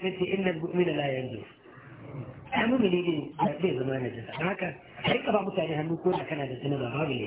sai ce inna mu'mina la yanzu ai mu'mini ne bai zama na jasa haka sai ka mutane hannu ko da kana da sinaba babu ne